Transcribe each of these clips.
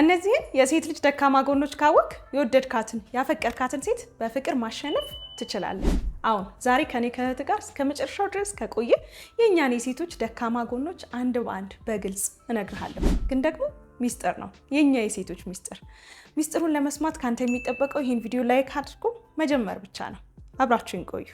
እነዚህን የሴት ልጅ ደካማ ጎኖች ካወቅ የወደድካትን ያፈቀድካትን ሴት በፍቅር ማሸነፍ ትችላለህ። አሁን ዛሬ ከኔ ከእህት ጋር እስከ መጨረሻው ድረስ ከቆየ የእኛን የሴቶች ደካማ ጎኖች አንድ በአንድ በግልጽ እነግርሃለሁ። ግን ደግሞ ሚስጥር ነው፣ የእኛ የሴቶች ሚስጥር። ሚስጥሩን ለመስማት ካንተ የሚጠበቀው ይህን ቪዲዮ ላይክ አድርጎ መጀመር ብቻ ነው። አብራችሁን ቆዩ።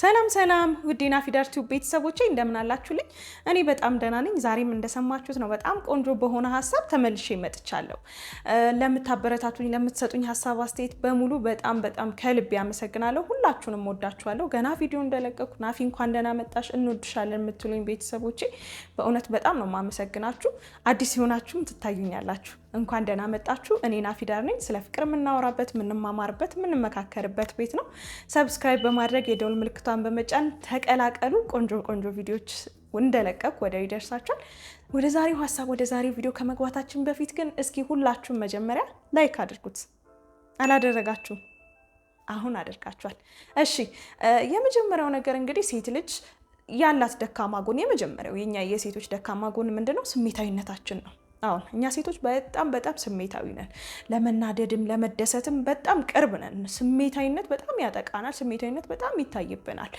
ሰላም ሰላም ውዴና ፊደር ቲዩብ ቤተሰቦቼ እንደምን አላችሁልኝ? እኔ በጣም ደህና ነኝ። ዛሬም እንደሰማችሁት ነው በጣም ቆንጆ በሆነ ሀሳብ ተመልሼ መጥቻለሁ። ለምታበረታቱኝ፣ ለምትሰጡኝ ሀሳብ አስተያየት በሙሉ በጣም በጣም ከልብ ያመሰግናለሁ። ሁላችሁንም ወዳችኋለሁ። ገና ቪዲዮ እንደለቀኩ ናፊ እንኳን ደህና መጣሽ እንወድሻለን የምትሉኝ ቤተሰቦቼ በእውነት በጣም ነው የማመሰግናችሁ። አዲስ የሆናችሁም ትታዩኛላችሁ እንኳን ደህና መጣችሁ። እኔ ናፊዳር ነኝ። ስለ ፍቅር የምናወራበት የምንማማርበት፣ የምንመካከርበት ቤት ነው። ሰብስክራይብ በማድረግ የደውል ምልክቷን በመጫን ተቀላቀሉ። ቆንጆ ቆንጆ ቪዲዮዎች እንደለቀኩ ወደ ይደርሳችኋል። ወደ ዛሬው ሀሳብ ወደ ዛሬው ቪዲዮ ከመግባታችን በፊት ግን እስኪ ሁላችሁም መጀመሪያ ላይክ አድርጉት። አላደረጋችሁም? አሁን አድርጋችኋል። እሺ፣ የመጀመሪያው ነገር እንግዲህ ሴት ልጅ ያላት ደካማ ጎን የመጀመሪያው የኛ የሴቶች ደካማ ጎን ምንድነው? ስሜታዊነታችን ነው። አሁን እኛ ሴቶች በጣም በጣም ስሜታዊ ነን። ለመናደድም ለመደሰትም በጣም ቅርብ ነን። ስሜታዊነት በጣም ያጠቃናል። ስሜታዊነት በጣም ይታይብናል።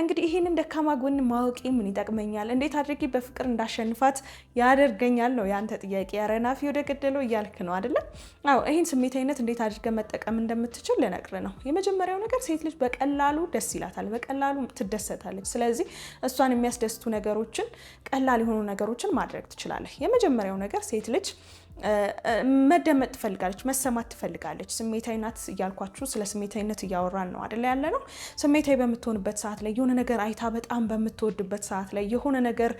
እንግዲህ ይህንን ደካማ ጎን ማወቂ ምን ይጠቅመኛል? እንዴት አድርጌ በፍቅር እንዳሸንፋት ያደርገኛል? ነው ያንተ ጥያቄ። ያረናፊ ወደ ገደለው እያልክ ነው አይደለም? አዎ፣ ይህን ስሜታዊነት እንዴት አድርገ መጠቀም እንደምትችል ልነግር ነው። የመጀመሪያው ነገር ሴት ልጅ በቀላሉ ደስ ይላታል፣ በቀላሉ ትደሰታለች። ስለዚህ እሷን የሚያስደስቱ ነገሮችን፣ ቀላል የሆኑ ነገሮችን ማድረግ ትችላለች። የመጀመሪያው ነገር ሴት ልጅ መደመጥ ትፈልጋለች፣ መሰማት ትፈልጋለች። ስሜታዊ ናት እያልኳችሁ ስለ ስሜታዊነት እያወራን ነው አደለ? ያለ ነው። ስሜታዊ በምትሆንበት ሰዓት ላይ የሆነ ነገር አይታ በጣም በምትወድበት ሰዓት ላይ የሆነ ነገር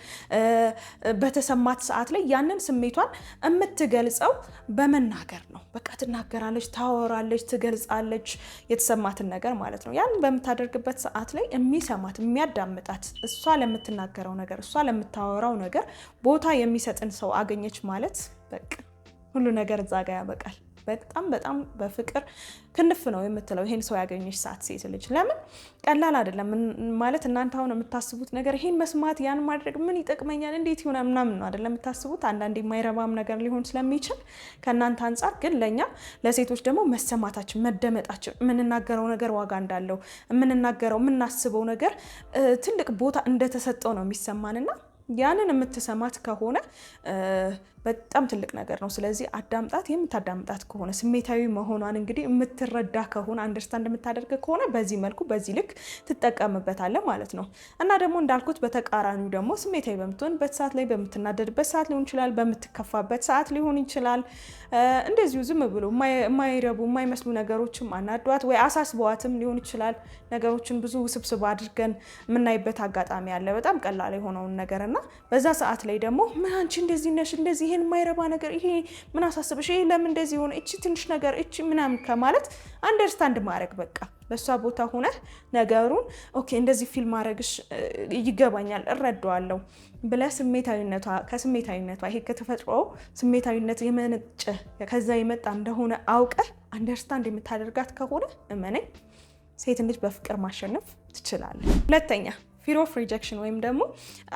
በተሰማት ሰዓት ላይ ያንን ስሜቷን የምትገልጸው በመናገር ነው። በቃ ትናገራለች፣ ታወራለች፣ ትገልጻለች የተሰማትን ነገር ማለት ነው። ያን በምታደርግበት ሰዓት ላይ የሚሰማት የሚያዳምጣት እሷ ለምትናገረው ነገር እሷ ለምታወራው ነገር ቦታ የሚሰጥን ሰው አገኘች ማለት በቃ ሁሉ ነገር እዛ ጋ ያበቃል። በጣም በጣም በፍቅር ክንፍ ነው የምትለው ይሄን ሰው ያገኘች ሰዓት ሴት ልጅ። ለምን ቀላል አይደለም ማለት እናንተ አሁን የምታስቡት ነገር ይሄን መስማት ያን ማድረግ ምን ይጠቅመኛል እንዴት ይሆነ ምናምን ነው አይደለም የምታስቡት። አንዳንድ የማይረባም ነገር ሊሆን ስለሚችል ከእናንተ አንጻር ግን ለእኛ ለሴቶች ደግሞ መሰማታችን፣ መደመጣችን የምንናገረው ነገር ዋጋ እንዳለው የምንናገረው የምናስበው ነገር ትልቅ ቦታ እንደተሰጠው ነው የሚሰማንና ያንን የምትሰማት ከሆነ በጣም ትልቅ ነገር ነው። ስለዚህ አዳምጣት። የምታዳምጣት ከሆነ ስሜታዊ መሆኗን እንግዲህ የምትረዳ ከሆነ አንደርስታንድ የምታደርግ ከሆነ በዚህ መልኩ በዚህ ልክ ትጠቀምበታለ ማለት ነው። እና ደግሞ እንዳልኩት በተቃራኒው ደግሞ ስሜታዊ በምትሆንበት ሰዓት ላይ በምትናደድበት ሰዓት ሊሆን ይችላል፣ በምትከፋበት ሰዓት ሊሆን ይችላል። እንደዚሁ ዝም ብሎ የማይረቡ የማይመስሉ ነገሮችም አናዷት ወይ አሳስበዋትም ሊሆን ይችላል። ነገሮችን ብዙ ውስብስብ አድርገን የምናይበት አጋጣሚ አለ። በጣም ቀላል የሆነውን ነገር እና በዛ ሰዓት ላይ ደግሞ ምን አንቺ እንደዚህ ነሽ እንደዚህ ይሄን የማይረባ ነገር ይሄ ምን አሳስበሽ፣ ይሄ ለምን እንደዚህ ሆነ፣ እቺ ትንሽ ነገር እቺ ምናምን ከማለት አንደርስታንድ ማድረግ በቃ በእሷ ቦታ ሆነህ ነገሩን ኦኬ፣ እንደዚህ ፊል ማድረግሽ ይገባኛል፣ እረዳዋለሁ ብለህ ስሜታዊነቷ ከስሜታዊነቷ ይሄ ከተፈጥሮ ስሜታዊነት የመነጨ ከዛ የመጣ እንደሆነ አውቀህ አንደርስታንድ የምታደርጋት ከሆነ እመነኝ ሴትን ልጅ በፍቅር ማሸነፍ ትችላለህ። ሁለተኛ ፊር ኦፍ ሪጀክሽን ወይም ደግሞ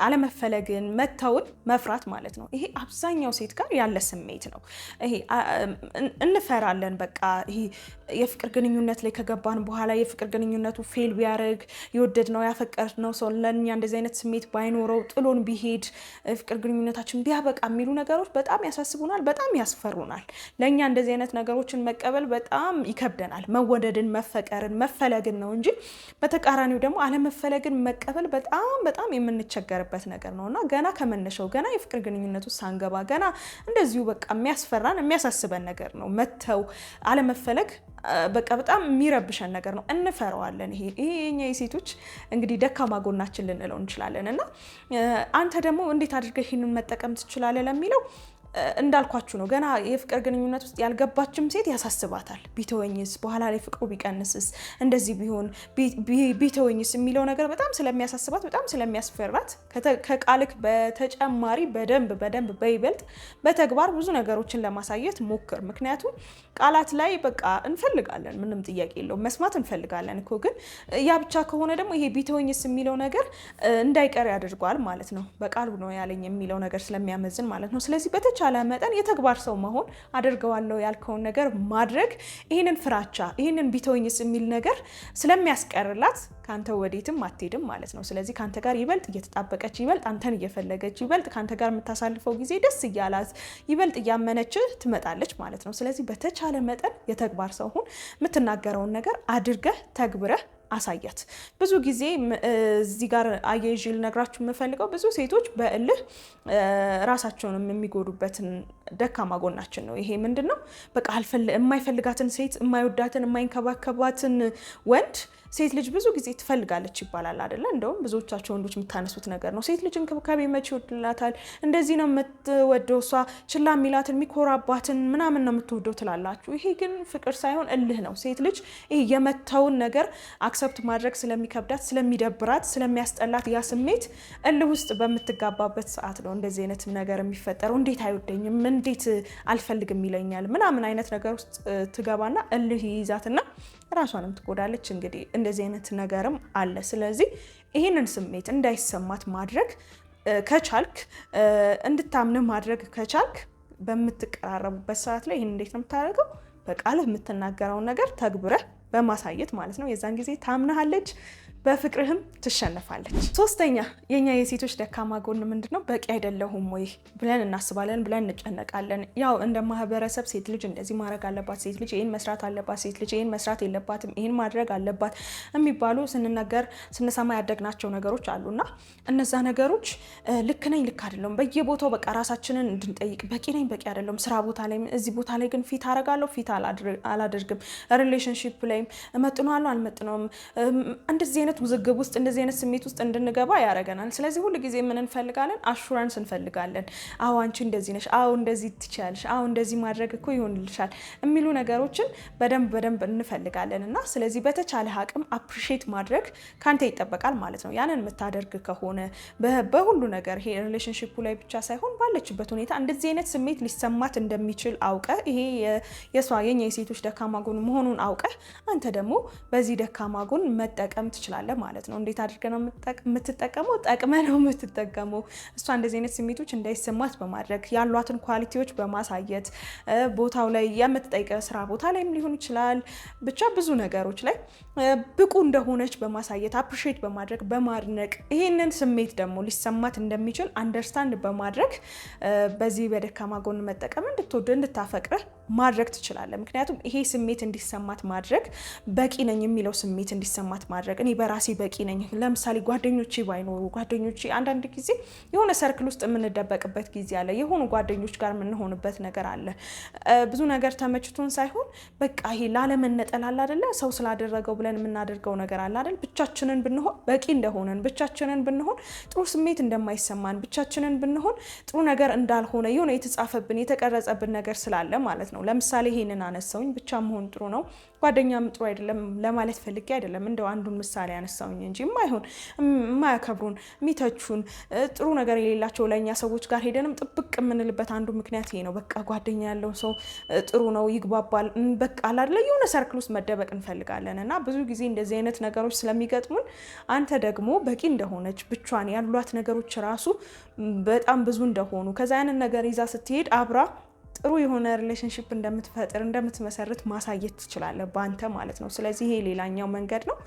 አለመፈለግን መተውን መፍራት ማለት ነው። ይሄ አብዛኛው ሴት ጋር ያለ ስሜት ነው። ይሄ እንፈራለን። በቃ ይሄ የፍቅር ግንኙነት ላይ ከገባን በኋላ የፍቅር ግንኙነቱ ፌል ቢያደርግ ያፈቀር ነው ሰው ለእኛ እንደዚህ አይነት ስሜት ባይኖረው ጥሎን ቢሄድ ፍቅር ግንኙነታችን ቢያበቃ የሚሉ ነገሮች በጣም ያሳስቡናል፣ በጣም ያስፈሩናል። ለእኛ እንደዚህ አይነት ነገሮችን መቀበል በጣም ይከብደናል። መወደድን፣ መፈቀርን፣ መፈለግን ነው እንጂ በተቃራኒው ደግሞ አለመፈለግን መቀበል መቀበል በጣም በጣም የምንቸገርበት ነገር ነው እና ገና ከመነሻው ገና የፍቅር ግንኙነት ሳንገባ ገና እንደዚሁ በቃ የሚያስፈራን የሚያሳስበን ነገር ነው። መተው አለመፈለግ በቃ በጣም የሚረብሸን ነገር ነው። እንፈራዋለን። ይሄ ይሄ የኛ የሴቶች እንግዲህ ደካማ ጎናችን ልንለው እንችላለን እና አንተ ደግሞ እንዴት አድርገህ ይህንን መጠቀም ትችላለህ ለሚለው እንዳልኳችሁ ነው። ገና የፍቅር ግንኙነት ውስጥ ያልገባችም ሴት ያሳስባታል። ቢተወኝስ፣ በኋላ ላይ ፍቅሩ ቢቀንስስ፣ እንደዚህ ቢሆን፣ ቢተወኝስ የሚለው ነገር በጣም ስለሚያሳስባት፣ በጣም ስለሚያስፈራት ከቃልክ በተጨማሪ በደንብ በደንብ በይበልጥ በተግባር ብዙ ነገሮችን ለማሳየት ሞክር። ምክንያቱም ቃላት ላይ በቃ እንፈልጋለን፣ ምንም ጥያቄ የለውም፣ መስማት እንፈልጋለን እኮ። ግን ያ ብቻ ከሆነ ደግሞ ይሄ ቢተወኝስ የሚለው ነገር እንዳይቀር ያደርገዋል ማለት ነው። በቃሉ ነው ያለኝ የሚለው ነገር ስለሚያመዝን ማለት ነው። ስለዚህ በተቻለ መጠን የተግባር ሰው መሆን አድርገዋለሁ ያልከውን ነገር ማድረግ ይህንን ፍራቻ ይህንን ቢተወኝስ የሚል ነገር ስለሚያስቀርላት ከአንተ ወዴትም አትሄድም ማለት ነው። ስለዚህ ከአንተ ጋር ይበልጥ እየተጣበቀች ይበልጥ አንተን እየፈለገች ይበልጥ ከአንተ ጋር የምታሳልፈው ጊዜ ደስ እያላት ይበልጥ እያመነች ትመጣለች ማለት ነው። ስለዚህ በተቻለ መጠን የተግባር ሰው ሁን። የምትናገረውን ነገር አድርገህ ተግብረህ አሳያት። ብዙ ጊዜ እዚህ ጋር አያይዤ ልነግራችሁ የምፈልገው ብዙ ሴቶች በእልህ ራሳቸውንም የሚጎዱበትን ደካማ ጎናችን ነው። ይሄ ምንድን ነው? በቃ የማይፈልጋትን ሴት የማይወዳትን፣ የማይንከባከባትን ወንድ ሴት ልጅ ብዙ ጊዜ ትፈልጋለች ይባላል አይደለ? እንደውም ብዙዎቻቸው ወንዶች የምታነሱት ነገር ነው። ሴት ልጅ እንክብካቤ መቼ ይወድላታል? እንደዚህ ነው የምትወደው፣ እሷ ችላ የሚላትን የሚኮራባትን ምናምን ነው የምትወደው ትላላችሁ። ይሄ ግን ፍቅር ሳይሆን እልህ ነው። ሴት ልጅ ይሄ የመተውን ነገር አክሰፕት ማድረግ ስለሚከብዳት፣ ስለሚደብራት፣ ስለሚያስጠላት ያ ስሜት እልህ ውስጥ በምትጋባበት ሰዓት ነው እንደዚህ አይነት ነገር የሚፈጠረው። እንዴት አይወደኝም፣ እንዴት አልፈልግም ይለኛል ምናምን አይነት ነገር ውስጥ ትገባና እልህ ይይዛትና ራሷንም ትጎዳለች። እንግዲህ እንደዚህ አይነት ነገርም አለ። ስለዚህ ይህንን ስሜት እንዳይሰማት ማድረግ ከቻልክ እንድታምን ማድረግ ከቻልክ በምትቀራረቡበት ሰዓት ላይ ይህን እንዴት ነው የምታደርገው? በቃልህ የምትናገረውን ነገር ተግብረህ በማሳየት ማለት ነው። የዛን ጊዜ ታምናሃለች። በፍቅርህም ትሸነፋለች። ሶስተኛ የኛ የሴቶች ደካማ ጎን ምንድን ነው? በቂ አይደለሁም ወይ ብለን እናስባለን፣ ብለን እንጨነቃለን። ያው እንደ ማህበረሰብ ሴት ልጅ እንደዚህ ማድረግ አለባት፣ ሴት ልጅ ይህን መስራት አለባት፣ ሴት ልጅ ይህን መስራት የለባትም፣ ይህን ማድረግ አለባት የሚባሉ ስንነገር ስንሰማ ያደግናቸው ነገሮች አሉና እነዛ ነገሮች ልክ ነኝ፣ ልክ አይደለሁም በየቦታው በቃ ራሳችንን እንድንጠይቅ በቂ ነኝ፣ በቂ አይደለሁም፣ ስራ ቦታ ላይ እዚህ ቦታ ላይ ግን ፊት አረጋለሁ፣ ፊት አላደርግም፣ ሪሌሽንሽፕ ላይም እመጥነዋለሁ፣ አልመጥነውም እንደዚህ አይነት አይነት ውዝግብ ውስጥ እንደዚህ አይነት ስሜት ውስጥ እንድንገባ ያደርገናል። ስለዚህ ሁል ጊዜ ምን እንፈልጋለን? አሹራንስ እንፈልጋለን። አዎ አንቺ እንደዚህ ነሽ፣ አዎ እንደዚህ ትችያለሽ፣ አዎ እንደዚህ ማድረግ እኮ ይሆንልሻል የሚሉ ነገሮችን በደንብ በደንብ እንፈልጋለን እና ስለዚህ በተቻለ አቅም አፕሪሼት ማድረግ ካንተ ይጠበቃል ማለት ነው። ያንን የምታደርግ ከሆነ በሁሉ ነገር ይሄ ሪሌሽንሽፑ ላይ ብቻ ሳይሆን ባለችበት ሁኔታ እንደዚህ አይነት ስሜት ሊሰማት እንደሚችል አውቀ ይሄ የሷ የኛ የሴቶች ደካማ ጎን መሆኑን አውቀ አንተ ደግሞ በዚህ ደካማ ጎን መጠቀም ትችላለህ። ትችላለህ ማለት ነው። እንዴት አድርገህ ነው የምትጠቀመው? ጠቅመህ ነው የምትጠቀመው። እሷ እንደዚህ አይነት ስሜቶች እንዳይሰማት በማድረግ ያሏትን ኳሊቲዎች በማሳየት ቦታው ላይ የምትጠይቀ ስራ ቦታ ላይም ሊሆን ይችላል፣ ብቻ ብዙ ነገሮች ላይ ብቁ እንደሆነች በማሳየት አፕሪሼት በማድረግ በማድነቅ ይህንን ስሜት ደግሞ ሊሰማት እንደሚችል አንደርስታንድ በማድረግ በዚህ በደካማ ጎን መጠቀም እንድትወድ እንድታፈቅርህ ማድረግ ትችላለህ። ምክንያቱም ይሄ ስሜት እንዲሰማት ማድረግ በቂ ነኝ የሚለው ስሜት እንዲሰማት ማድረግ እኔ በራሴ በቂ ነኝ። ለምሳሌ ጓደኞቼ ባይኖሩ ጓደኞቼ አንዳንድ ጊዜ የሆነ ሰርክል ውስጥ የምንደበቅበት ጊዜ አለ። የሆኑ ጓደኞች ጋር የምንሆንበት ነገር አለ። ብዙ ነገር ተመችቶን ሳይሆን በቃ ይሄ ላለመነጠል አለ አይደለ? ሰው ስላደረገው ብለን የምናደርገው ነገር አለ አይደል? ብቻችንን ብንሆን በቂ እንደሆነን፣ ብቻችንን ብንሆን ጥሩ ስሜት እንደማይሰማን፣ ብቻችንን ብንሆን ጥሩ ነገር እንዳልሆነ የሆነ የተጻፈብን የተቀረጸብን ነገር ስላለ ማለት ነው። ነው። ለምሳሌ ይሄንን አነሳውኝ ብቻ መሆን ጥሩ ነው፣ ጓደኛም ጥሩ አይደለም ለማለት ፈልጌ አይደለም። እንደው አንዱን ምሳሌ አነሳውኝ እንጂ የማይሆን የማያከብሩን፣ የሚተቹን፣ ጥሩ ነገር የሌላቸው ለእኛ ሰዎች ጋር ሄደንም ጥብቅ የምንልበት አንዱ ምክንያት ይሄ ነው። በቃ ጓደኛ ያለው ሰው ጥሩ ነው፣ ይግባባል። በቃ አላደለ የሆነ ሰርክል ውስጥ መደበቅ እንፈልጋለን እና ብዙ ጊዜ እንደዚህ አይነት ነገሮች ስለሚገጥሙን አንተ ደግሞ በቂ እንደሆነች ብቿን ያሏት ነገሮች ራሱ በጣም ብዙ እንደሆኑ ከዛ ያንን ነገር ይዛ ስትሄድ አብራ ጥሩ የሆነ ሪሌሽንሽፕ እንደምትፈጥር እንደምትመሰርት ማሳየት ትችላለህ በአንተ ማለት ነው። ስለዚህ ይሄ ሌላኛው መንገድ ነው።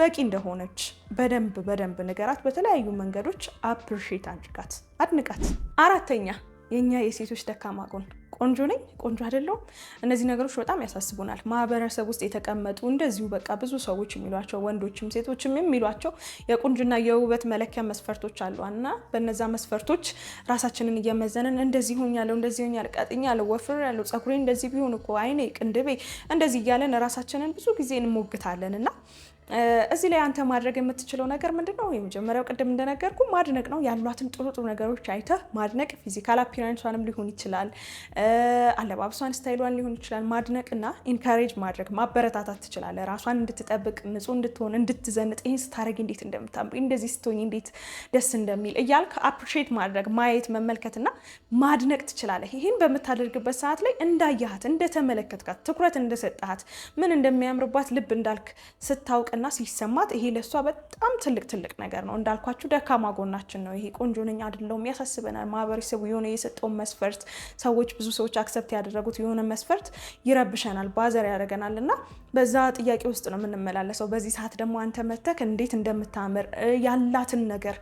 በቂ እንደሆነች በደንብ በደንብ ንገራት። በተለያዩ መንገዶች አፕሪሼት አድርጋት፣ አድንቃት። አራተኛ የእኛ የሴቶች ደካማ ጎን ቆንጆ ነኝ፣ ቆንጆ አይደለሁም። እነዚህ ነገሮች በጣም ያሳስቡናል። ማህበረሰብ ውስጥ የተቀመጡ እንደዚሁ በቃ ብዙ ሰዎች የሚሏቸው ወንዶችም ሴቶችም የሚሏቸው የቁንጅና የውበት መለኪያ መስፈርቶች አሉ እና በነዛ መስፈርቶች ራሳችንን እየመዘንን እንደዚህ ሆኛለሁ፣ እንደዚህ ሆኛለሁ፣ ቀጥኛለሁ፣ ወፍሬያለሁ፣ ፀጉሬ እንደዚህ ቢሆን እኮ አይኔ፣ ቅንድቤ እንደዚህ እያለን ራሳችንን ብዙ ጊዜ እንሞግታለን እና እዚህ ላይ አንተ ማድረግ የምትችለው ነገር ምንድን ነው? የመጀመሪያው ቅድም እንደነገርኩ ማድነቅ ነው። ያሏትን ጥሩ ጥሩ ነገሮች አይተህ ማድነቅ፣ ፊዚካል አፒራንሷንም ሊሆን ይችላል፣ አለባብሷን፣ ስታይሏን ሊሆን ይችላል። ማድነቅ እና ኢንካሬጅ ማድረግ ማበረታታት ትችላለህ። ራሷን እንድትጠብቅ ንጹህ እንድትሆን እንድትዘንጥ፣ ይህን ስታደርግ እንዴት እንደምታምር እንደዚህ ስትሆኝ እንዴት ደስ እንደሚል እያልክ አፕሪሼት ማድረግ ማየት፣ መመልከትና ማድነቅ ትችላለህ። ይህን በምታደርግበት ሰዓት ላይ እንዳያሃት፣ እንደተመለከትካት፣ ትኩረት እንደሰጠሃት፣ ምን እንደሚያምርባት ልብ እንዳልክ ስታውቅ እና ሲሰማት ይሄ ለእሷ በጣም ትልቅ ትልቅ ነገር ነው። እንዳልኳችሁ ደካማ ጎናችን ነው ይሄ። ቆንጆ ነኝ አይደለሁም ያሳስበናል። ማህበረሰቡ የሆነ የሰጠውን መስፈርት፣ ሰዎች ብዙ ሰዎች አክሰፕት ያደረጉት የሆነ መስፈርት ይረብሸናል፣ ባዘር ያደርገናል እና በዛ ጥያቄ ውስጥ ነው የምንመላለሰው። በዚህ ሰዓት ደግሞ አንተ መተክ እንዴት እንደምታምር ያላትን ነገር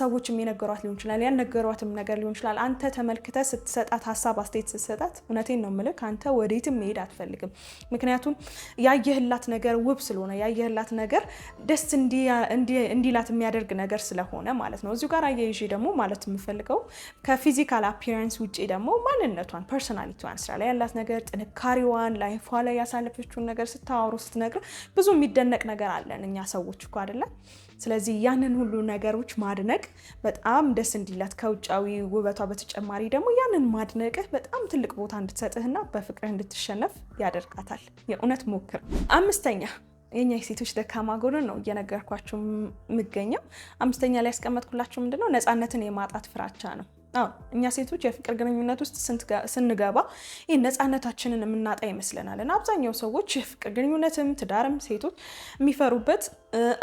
ሰዎች የነገሯት ሊሆን ይችላል፣ ያልነገሯትም ነገር ሊሆን ይችላል። አንተ ተመልክተ ስትሰጣት ሀሳብ አስተያየት ስትሰጣት፣ እውነቴን ነው ምልክ አንተ ወዴትም መሄድ አትፈልግም። ምክንያቱም ያየህላት ነገር ውብ ስለሆነ ያየህላት ነገር ደስ እንዲላት የሚያደርግ ነገር ስለሆነ ማለት ነው። እዚሁ ጋር አያይዤ ደግሞ ማለት የምፈልገው ከፊዚካል አፒረንስ ውጭ ደግሞ ማንነቷን፣ ፐርሶናሊቲዋን፣ ስራ ላይ ያላት ነገር፣ ጥንካሬዋን፣ ላይፏ ላይ ያሳለፈችውን ነገር ስታወሩ ስትነግር ብዙ የሚደነቅ ነገር አለን እኛ ሰዎች እኮ አይደለም። ስለዚህ ያንን ሁሉ ነገሮች ማድነቅ በጣም ደስ እንዲላት ከውጫዊ ውበቷ በተጨማሪ ደግሞ ያንን ማድነቅህ በጣም ትልቅ ቦታ እንድትሰጥህና በፍቅር እንድትሸነፍ ያደርጋታል። የእውነት ሞክር። አምስተኛ የኛ የሴቶች ደካማ ጎን ነው እየነገርኳቸው የምገኘው። አምስተኛ ላይ ያስቀመጥኩላቸው ምንድነው ነፃነትን የማጣት ፍራቻ ነው። እኛ ሴቶች የፍቅር ግንኙነት ውስጥ ስንገባ ይህ ነፃነታችንን የምናጣ ይመስለናል እና አብዛኛው ሰዎች የፍቅር ግንኙነትም ትዳርም ሴቶች የሚፈሩበት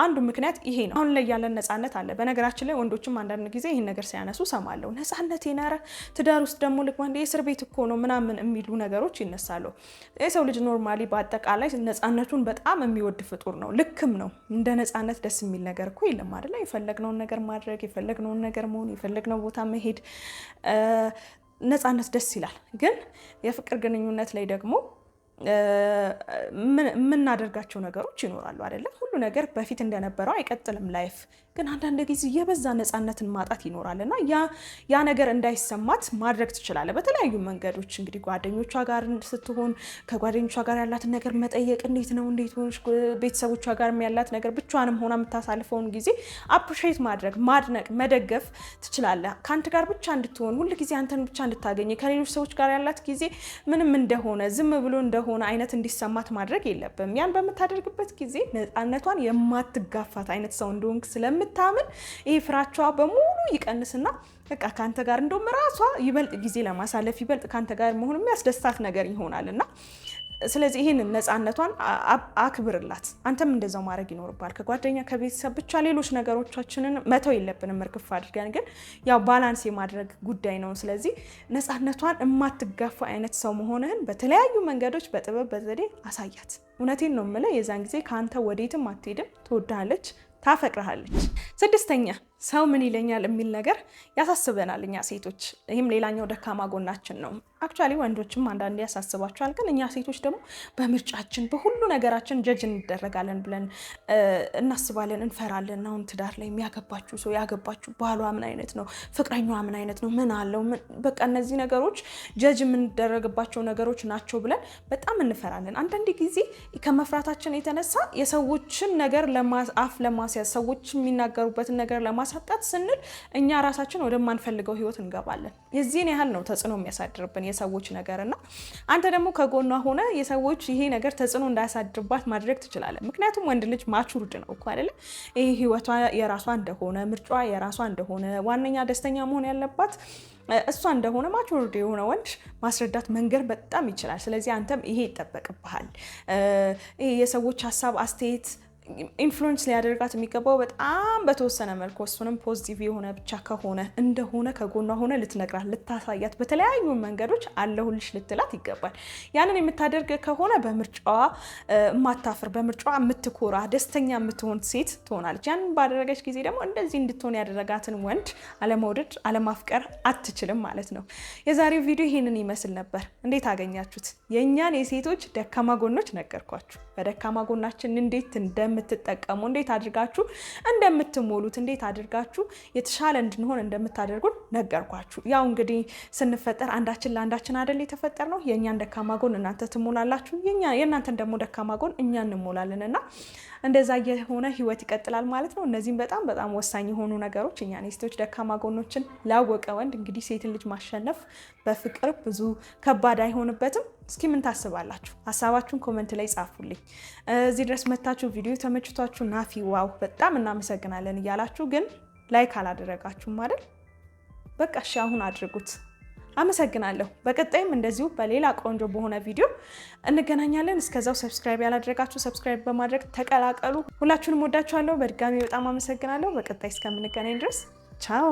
አንዱ ምክንያት ይሄ ነው። አሁን ላይ ያለን ነፃነት አለ። በነገራችን ላይ ወንዶችም አንዳንድ ጊዜ ይህን ነገር ሲያነሱ ሰማለሁ። ነፃነት የናረ ትዳር ውስጥ ደግሞ ልክ እንደ የእስር ቤት እኮ ነው ምናምን የሚሉ ነገሮች ይነሳሉ። የሰው ልጅ ኖርማሊ በአጠቃላይ ነፃነቱን በጣም የሚወድ ፍጡር ነው። ልክም ነው። እንደ ነፃነት ደስ የሚል ነገር እኮ የለም አይደለ? የፈለግነውን ነገር ማድረግ፣ የፈለግነውን ነገር መሆን፣ የፈለግነው ቦታ መሄድ ነፃነት ደስ ይላል። ግን የፍቅር ግንኙነት ላይ ደግሞ የምናደርጋቸው ነገሮች ይኖራሉ አይደለም። ሁሉ ነገር በፊት እንደነበረው አይቀጥልም ላይፍ ግን አንዳንድ ጊዜ የበዛ ነፃነትን ማጣት ይኖራል እና ያ ያ ነገር እንዳይሰማት ማድረግ ትችላለ በተለያዩ መንገዶች እንግዲህ ጓደኞቿ ጋር ስትሆን ከጓደኞቿ ጋር ያላትን ነገር መጠየቅ እንዴት ነው እንዴት ሆንሽ፣ ቤተሰቦቿ ጋር ያላት ነገር ብቻዋንም ሆና የምታሳልፈውን ጊዜ አፕሪሼት ማድረግ ማድነቅ፣ መደገፍ ትችላለ ከአንተ ጋር ብቻ እንድትሆን ሁል ጊዜ አንተን ብቻ እንድታገኝ ከሌሎች ሰዎች ጋር ያላት ጊዜ ምንም እንደሆነ ዝም ብሎ እንደሆነ አይነት እንዲሰማት ማድረግ የለብም። ያን በምታደርግበት ጊዜ ነፃነቷን የማትጋፋት አይነት ሰው እንደሆንክ ስለምት ስለምታምን ይሄ ፍራቿ በሙሉ ይቀንስና በቃ ከአንተ ጋር እንደውም ራሷ ይበልጥ ጊዜ ለማሳለፍ ይበልጥ ከአንተ ጋር መሆን የሚያስደስታት ነገር ይሆናል እና ስለዚህ ይህንን ነፃነቷን አክብርላት። አንተም እንደዛው ማድረግ ይኖርባል። ከጓደኛ ከቤተሰብ ብቻ ሌሎች ነገሮቻችንን መተው የለብንም። እርግፍ አድርገን ግን ያው ባላንስ የማድረግ ጉዳይ ነው። ስለዚህ ነፃነቷን የማትጋፋ አይነት ሰው መሆንህን በተለያዩ መንገዶች በጥበብ በዘዴ አሳያት። እውነቴን ነው የምልህ፣ የዛን ጊዜ ከአንተ ወዴትም አትሄድም። ትወዳለች፣ ታፈቅርሃለች። ስድስተኛ ሰው ምን ይለኛል የሚል ነገር ያሳስበናል እኛ ሴቶች። ይህም ሌላኛው ደካማ ጎናችን ነው። አክቹዋሊ ወንዶችም አንዳንዴ ያሳስባቸዋል፣ ግን እኛ ሴቶች ደግሞ በምርጫችን በሁሉ ነገራችን ጀጅ እንደረጋለን ብለን እናስባለን፣ እንፈራለን። አሁን ትዳር ላይ የሚያገባችሁ ሰው ያገባችሁ ባሏ ምን አይነት ነው፣ ፍቅረኛዋ ምን አይነት ነው፣ ምን አለው፣ በቃ እነዚህ ነገሮች ጀጅ የምንደረግባቸው ነገሮች ናቸው ብለን በጣም እንፈራለን። አንዳንድ ጊዜ ከመፍራታችን የተነሳ የሰዎችን ነገር አፍ ለማስያዝ ሰዎች የሚናገሩበትን ነገር ለማ ለማሳጣት ስንል እኛ ራሳችን ወደማንፈልገው ህይወት እንገባለን። የዚህን ያህል ነው ተጽዕኖ የሚያሳድርብን የሰዎች ነገር እና አንተ ደግሞ ከጎኗ ሆነ የሰዎች ይሄ ነገር ተጽዕኖ እንዳያሳድርባት ማድረግ ትችላለን። ምክንያቱም ወንድ ልጅ ማቹርድ ነው እኮ አይደለ? ይህ ህይወቷ የራሷ እንደሆነ፣ ምርጫዋ የራሷ እንደሆነ፣ ዋነኛ ደስተኛ መሆን ያለባት እሷ እንደሆነ ማቹርድ የሆነ ወንድ ማስረዳት መንገድ በጣም ይችላል። ስለዚህ አንተም ይሄ ይጠበቅብሃል። የሰዎች ሀሳብ አስተያየት ኢንፍሉዌንስ ሊያደርጋት የሚገባው በጣም በተወሰነ መልኩ እሱንም ፖዚቲቭ የሆነ ብቻ ከሆነ እንደሆነ ከጎኗ ሆነ ልትነግራት፣ ልታሳያት በተለያዩ መንገዶች አለሁልሽ ልትላት ይገባል። ያንን የምታደርግ ከሆነ በምርጫዋ የማታፍር በምርጫዋ የምትኮራ ደስተኛ የምትሆን ሴት ትሆናለች። ያንን ባደረገች ጊዜ ደግሞ እንደዚህ እንድትሆን ያደረጋትን ወንድ አለመውደድ አለማፍቀር አትችልም ማለት ነው። የዛሬው ቪዲዮ ይህንን ይመስል ነበር። እንዴት አገኛችሁት? የእኛን የሴቶች ደካማ ጎኖች ነገርኳችሁ። በደካማ ጎናችን እንዴት እንደም እንደምትጠቀሙ እንዴት አድርጋችሁ እንደምትሞሉት እንዴት አድርጋችሁ የተሻለ እንድንሆን እንደምታደርጉን ነገርኳችሁ። ያው እንግዲህ ስንፈጠር አንዳችን ለአንዳችን አይደል የተፈጠር ነው። የእኛን ደካማ ጎን እናንተ ትሞላላችሁ፣ የእናንተን ደግሞ ደካማ ጎን እኛ እንሞላለን እና እንደዛ የሆነ ህይወት ይቀጥላል ማለት ነው። እነዚህም በጣም በጣም ወሳኝ የሆኑ ነገሮች እኛ ሴቶች ደካማ ጎኖችን ላወቀ ወንድ እንግዲህ ሴትን ልጅ ማሸነፍ በፍቅር ብዙ ከባድ አይሆንበትም። እስኪ ምን ታስባላችሁ? ሀሳባችሁን ኮመንት ላይ ጻፉልኝ። እዚህ ድረስ መታችሁ ቪዲዮ ተመችቷችሁ ናፊ ዋው በጣም እናመሰግናለን እያላችሁ ግን ላይክ አላደረጋችሁም አይደል? በቃ እሺ አሁን አድርጉት። አመሰግናለሁ። በቀጣይም እንደዚሁ በሌላ ቆንጆ በሆነ ቪዲዮ እንገናኛለን። እስከዛው ሰብስክራይብ ያላደረጋችሁ ሰብስክራይብ በማድረግ ተቀላቀሉ። ሁላችሁንም ወዳችኋለሁ። በድጋሚ በጣም አመሰግናለሁ። በቀጣይ እስከምንገናኝ ድረስ ቻው።